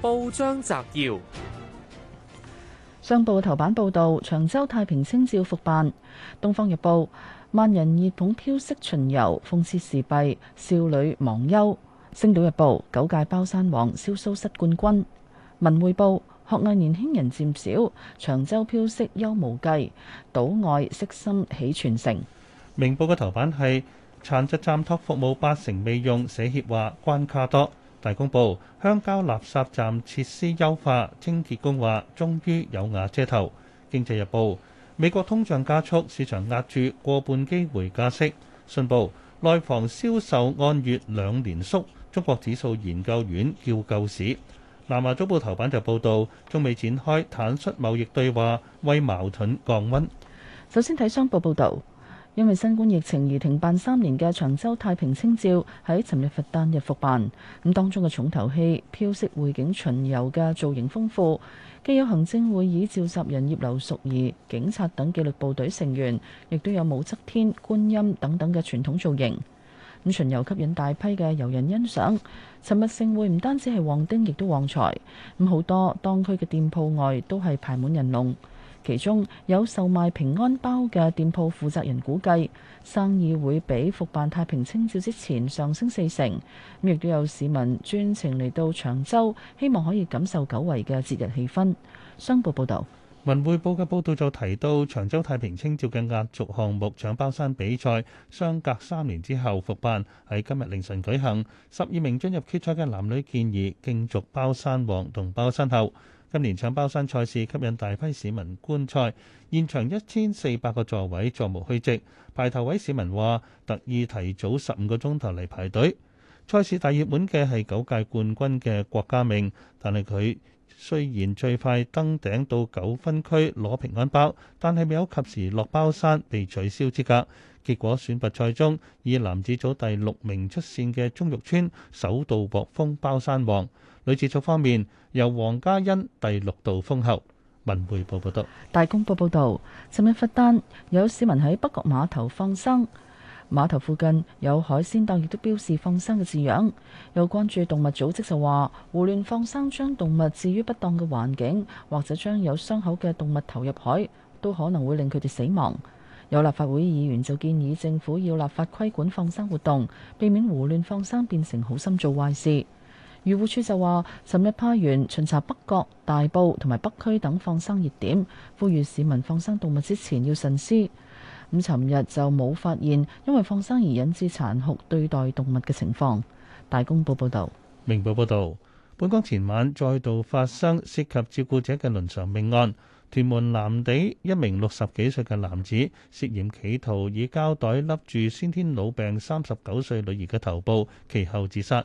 報章摘要：商報頭版報道長洲太平清醮復辦。東方日報，萬人熱捧飄色巡遊，諷刺時弊，少女忘憂。星島日報，九屆包山王蕭蘇失冠軍。文匯報，學藝年輕人漸少，長洲飄色優無計，島外悉心喜全城。明報嘅頭版係殘疾暫託服務八成未用，社協話關卡多。大公報，鄉郊垃圾站設施優化，清潔工話終於有瓦遮頭。經濟日報，美國通脹加速，市場壓住過半機會加息。信報，內房銷售按月兩年縮，中國指數研究院叫救市。南華早報頭版就報導，仲未展開坦率貿易對話，為矛盾降溫。首先睇商報報道。因為新冠疫情而停辦三年嘅長洲太平清醮，喺尋日佛誕日復辦，咁當中嘅重頭戲——飄色會景巡遊嘅造型豐富，既有行政會議召集人葉劉淑儀、警察等紀律部隊成員，亦都有武則天、觀音等等嘅傳統造型。咁巡遊吸引大批嘅遊人欣賞。尋日盛會唔單止係旺丁，亦都旺財。咁好多當區嘅店鋪外都係排滿人龍。其中有售賣平安包嘅店鋪負責人估計，生意會比復辦太平清醮之前上升四成。亦都有市民專程嚟到長洲，希望可以感受久違嘅節日氣氛。商報報道，文匯報嘅報導就提到，長洲太平清醮嘅壓軸項目搶包山比賽，相隔三年之後復辦，喺今日凌晨舉行。十二名進入決賽嘅男女健兒競逐包山王同包山后。今年搶包山賽事吸引大批市民觀賽，現場一千四百個座位座無虛席。排頭位市民話特意提早十五個鐘頭嚟排隊。賽事大熱門嘅係九屆冠軍嘅郭家明，但係佢雖然最快登頂到九分區攞平安包，但係未有及時落包山被取消資格。結果選拔賽中，以男子組第六名出線嘅鍾玉川首度獲封包山王。女接觸方面，由王家欣第六度封后。文匯報報道，大公報報道，尋日佛誕有市民喺北角碼頭放生，碼頭附近有海鮮檔亦都標示放生嘅字樣。有關注動物組織就話，胡亂放生將動物置於不當嘅環境，或者將有傷口嘅動物投入海，都可能會令佢哋死亡。有立法會議員就建議政府要立法規管放生活動，避免胡亂放生變成好心做壞事。漁護署就話，尋日派員巡查北角、大埔同埋北區等放生熱點，呼籲市民放生動物之前要慎思。咁尋日就冇發現因為放生而引致殘酷對待動物嘅情況。大公報報道，明報報道，本港前晚再度發生涉及照顧者嘅倫常命案。屯門藍地一名六十幾歲嘅男子涉嫌企圖以膠袋笠住先天腦病三十九歲女兒嘅頭部，其後自殺。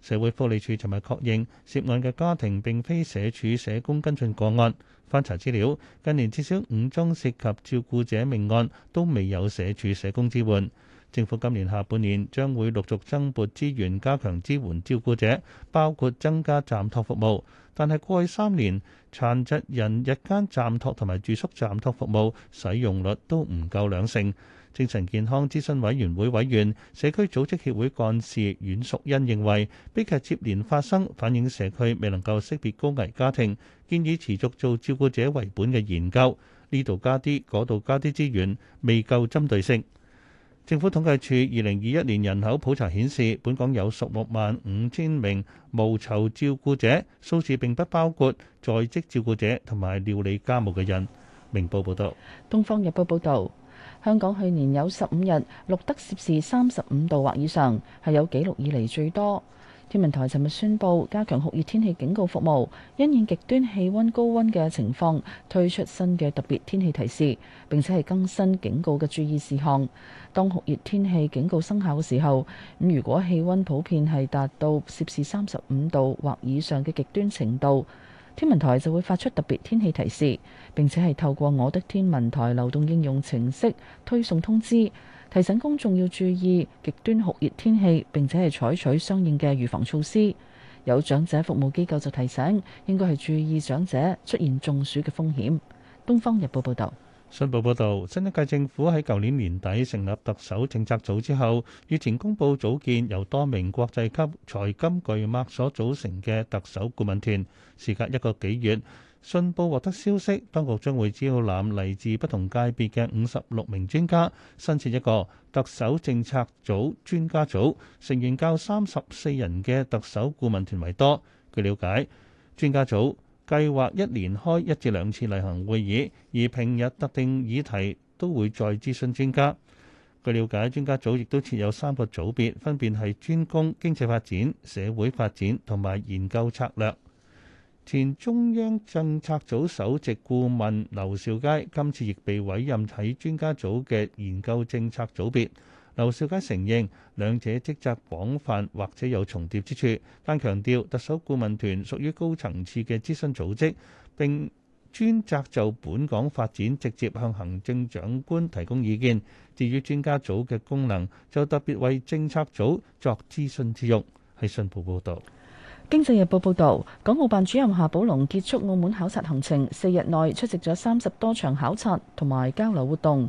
社會福利署尋日確認，涉案嘅家庭並非社署社工跟進個案。翻查資料，近年至少五宗涉及照顧者命案都未有社署社工支援。政府今年下半年將會陸續增撥資源，加強支援照顧者，包括增加暫托服務。但係過去三年，殘疾人日間暫托同埋住宿暫托服務使用率都唔夠兩成。精神健康諮詢委員會委員、社區組織協會幹事阮淑茵認為，悲劇接連發生，反映社區未能夠識別高危家庭，建議持續做照顧者為本嘅研究。呢度加啲，嗰度加啲資源，未夠針對性。政府統計處二零二一年人口普查顯示，本港有十六萬五千名無酬照顧者，數字並不包括在職照顧者同埋料理家務嘅人。明報報導，《東方日報》報導。香港去年有十五日錄得攝氏三十五度或以上，係有紀錄以嚟最多。天文台尋日宣布加強酷熱天氣警告服務，因應極端氣溫高溫嘅情況，推出新嘅特別天氣提示，並且係更新警告嘅注意事項。當酷熱天氣警告生效嘅時候，咁如果氣溫普遍係達到攝氏三十五度或以上嘅極端程度。天文台就會發出特別天氣提示，並且係透過我的天文台流動應用程式推送通知，提醒公眾要注意極端酷熱天氣，並且係採取相應嘅預防措施。有長者服務機構就提醒，應該係注意長者出現中暑嘅風險。《東方日報》報道。信報報導，新一屆政府喺舊年年底成立特首政策組之後，月前公佈組建由多名國際級財金巨擘所組成嘅特首顧問團，時隔一個幾月。信報獲得消息，當局將會招攬嚟自不同界別嘅五十六名專家，新設一個特首政策組專家組，成員較三十四人嘅特首顧問團為多。據了解，專家組，計劃一年開一至兩次例行會議，而平日特定議題都會再諮詢專家。據了解，專家組亦都設有三個組別，分別係專攻經濟發展、社會發展同埋研究策略。前中央政策組首席顧問劉兆佳今次亦被委任喺專家組嘅研究政策組別。劉少佳承認兩者職責廣泛或者有重疊之處，但強調特首顧問團屬於高層次嘅諮詢組織，並專責就本港發展直接向行政長官提供意見。至於專家組嘅功能，就特別為政策組作諮詢之用。喺信報報導，《經濟日報》報導，港澳辦主任夏寶龍結束澳門考察行程，四日內出席咗三十多場考察同埋交流活動。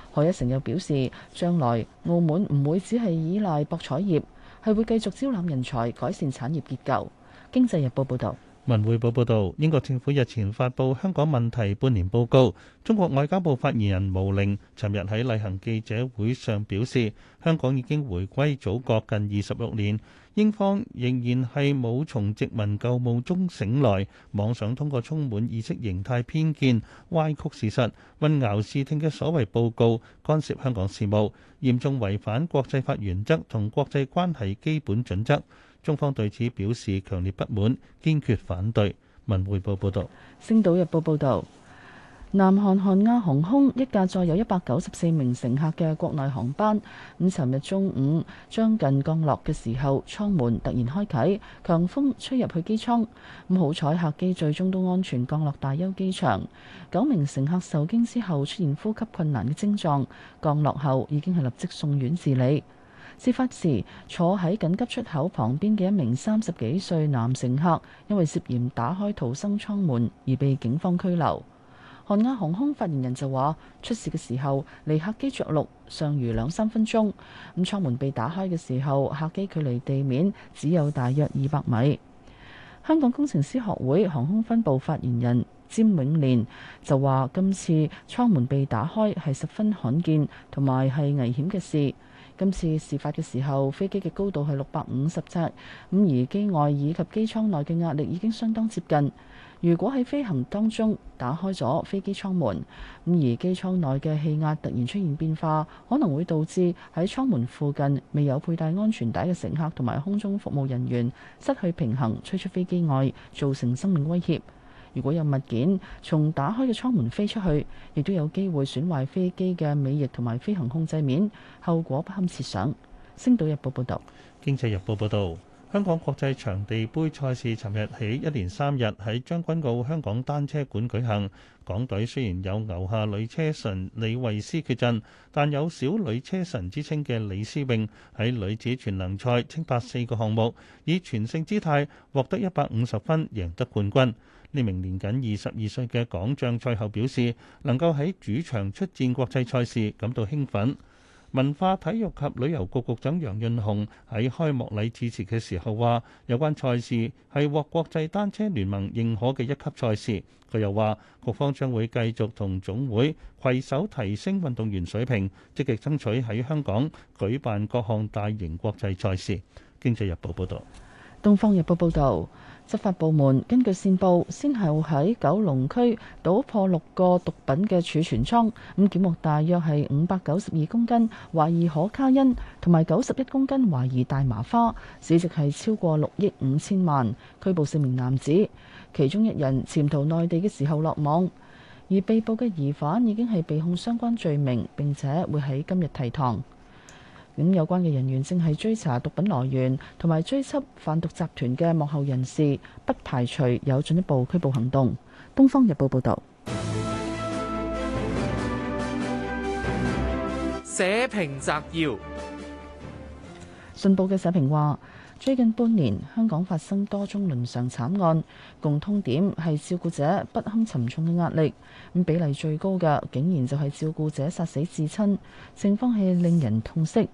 何一成又表示，將來澳門唔會只係依賴博彩業，係會繼續招攬人才，改善產業結構。經濟日報報道。文匯報報道，英國政府日前發布香港問題半年報告。中國外交部發言人毛寧尋日喺例行記者會上表示，香港已經回歸祖國近二十六年。英方仍然係冇從殖民舊夢中醒來，妄想通過充滿意識形態偏見、歪曲事實、混淆視聽嘅所謂報告，干涉香港事務，嚴重違反國際法原則同國際關係基本準則。中方對此表示強烈不滿，堅決反對。文匯報報道。星島日報報道。南韓韓亞航空一架載有一百九十四名乘客嘅國內航班，咁尋日中午將近降落嘅時候，艙門突然開啓，強風吹入去機艙。咁好彩，客機最終都安全降落大邱機場。九名乘客受驚之後出現呼吸困難嘅症狀，降落後已經係立即送院治理。事發時坐喺緊急出口旁邊嘅一名三十幾歲男乘客，因為涉嫌打開逃生艙門而被警方拘留。韓亞航空發言人就話：出事嘅時候離客機着陸尚餘兩三分鐘，咁艙門被打開嘅時候，客機距離地面只有大約二百米。香港工程師學會航空分部發言人詹永年就話：今次艙門被打開係十分罕見同埋係危險嘅事。今次事發嘅時候，飛機嘅高度係六百五十呎。咁而機外以及機艙內嘅壓力已經相當接近。如果喺飛行當中打開咗飛機艙門，咁而機艙內嘅氣壓突然出現變化，可能會導致喺艙門附近未有佩戴安全帶嘅乘客同埋空中服務人員失去平衡，吹出飛機外，造成生命威脅。如果有物件從打開嘅艙門飛出去，亦都有機會損壞飛機嘅尾翼同埋飛行控制面，後果不堪設想。星島日報報導，經濟日報報導，香港國際場地杯賽事尋日起一連三日喺將軍澳香港單車館舉行。港隊雖然有牛下女車神李慧詩缺陣，但有小女車神之稱嘅李思穎喺女子全能賽稱霸四個項目，以全勝姿態獲得一百五十分，贏得冠軍。呢名年僅二十二歲嘅港將賽後表示，能夠喺主場出戰國際賽事感到興奮。文化體育及旅遊局局長楊潤雄喺開幕禮致辭嘅時候話，有關賽事係獲國際單車聯盟認可嘅一級賽事。佢又話，局方將會繼續同總會攜手提升運動員水平，積極爭取喺香港舉辦各項大型國際賽事。經濟日報報導，東方日報報道。執法部門根據線報，先後喺九龍區搗破六個毒品嘅儲存倉，咁檢獲大約係五百九十二公斤懷疑可卡因，同埋九十一公斤懷疑大麻花，市值係超過六億五千萬。拘捕四名男子，其中一人潛逃內地嘅時候落網，而被捕嘅疑犯已經係被控相關罪名，並且會喺今日提堂。咁有關嘅人員正係追查毒品來源，同埋追緝販毒集團嘅幕後人士，不排除有進一步拘捕行動。東方日報報道。社評摘要：信報嘅社評話，最近半年香港發生多宗倫常慘案，共通點係照顧者不堪沉重嘅壓力。咁比例最高嘅，竟然就係照顧者殺死至親，情況係令人痛惜。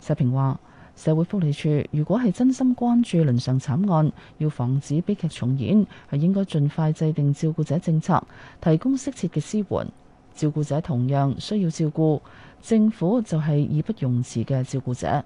社評話：社會福利處如果係真心關注倫常慘案，要防止悲劇重演，係應該盡快制定照顧者政策，提供適切嘅支援。照顧者同樣需要照顧，政府就係義不容辭嘅照顧者。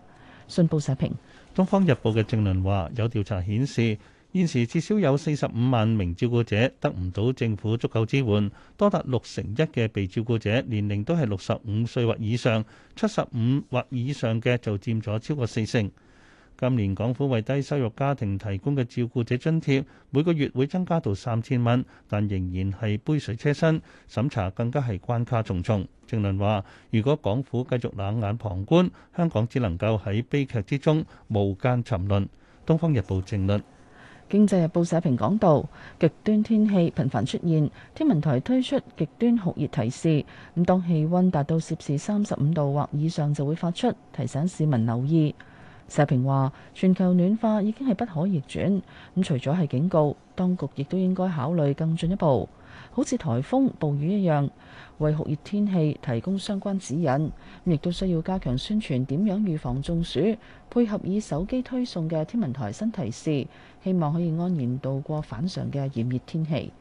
信報社評，《東方日報》嘅正論話：有調查顯示。現時至少有四十五萬名照顧者得唔到政府足夠支援，多達六成一嘅被照顧者年齡都係六十五歲或以上，七十五或以上嘅就佔咗超過四成。今年港府為低收入家庭提供嘅照顧者津貼，每個月會增加到三千蚊，但仍然係杯水車薪，審查更加係關卡重重。正論話：如果港府繼續冷眼旁觀，香港只能夠喺悲劇之中無間沉淪。《東方日報》正論。經濟日報社評講道：極端天氣頻繁出現，天文台推出極端酷熱提示。咁當氣温達到攝氏三十五度或以上，就會發出提醒市民留意。社評話：全球暖化已經係不可逆轉。咁除咗係警告，當局亦都應該考慮更進一步。好似颱風暴雨一樣，為酷熱天氣提供相關指引，亦都需要加強宣傳點樣預防中暑，配合以手機推送嘅天文台新提示，希望可以安然度過反常嘅炎熱天氣。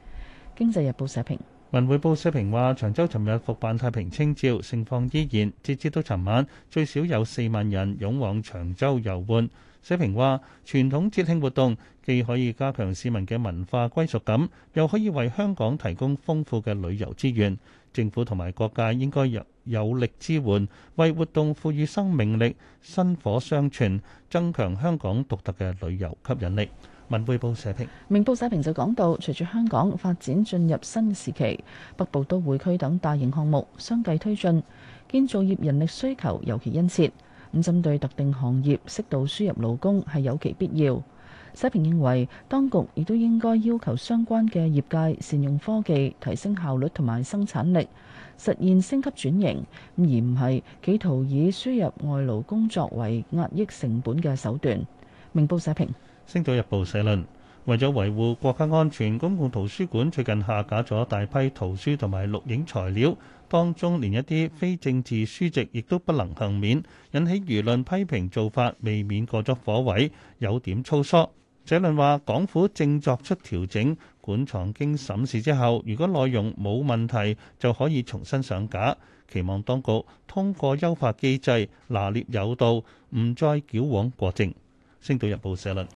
經濟日報社評。文匯報社評話：長洲尋日復辦太平清醮盛況依然，截至到尋晚最少有四萬人湧往長洲遊玩。社評話：傳統節慶活動既可以加強市民嘅文化歸屬感，又可以為香港提供豐富嘅旅遊資源。政府同埋各界應該有有力支援，為活動賦予生命力，薪火相傳，增強香港獨特嘅旅遊吸引力。文匯報社評，明報社評就講到，隨住香港發展進入新時期，北部都會區等大型項目相繼推進，建造業人力需求尤其殷切。咁針對特定行業適度輸入勞工係有其必要。社評認為，當局亦都應該要求相關嘅業界善用科技提升效率同埋生產力，實現升級轉型，咁而唔係企圖以輸入外勞工作為壓抑成本嘅手段。明報社評，星島日報社論。為咗維護國家安全，公共圖書館最近下架咗大批圖書同埋錄影材料，當中連一啲非政治書籍亦都不能幸免，引起輿論批評做法未免過咗火位，有點粗疏。社論話，港府正作出調整，館藏經審視之後，如果內容冇問題，就可以重新上架。期望當局通過優化機制，拿捏有度，唔再矯枉過正。星島日報社論。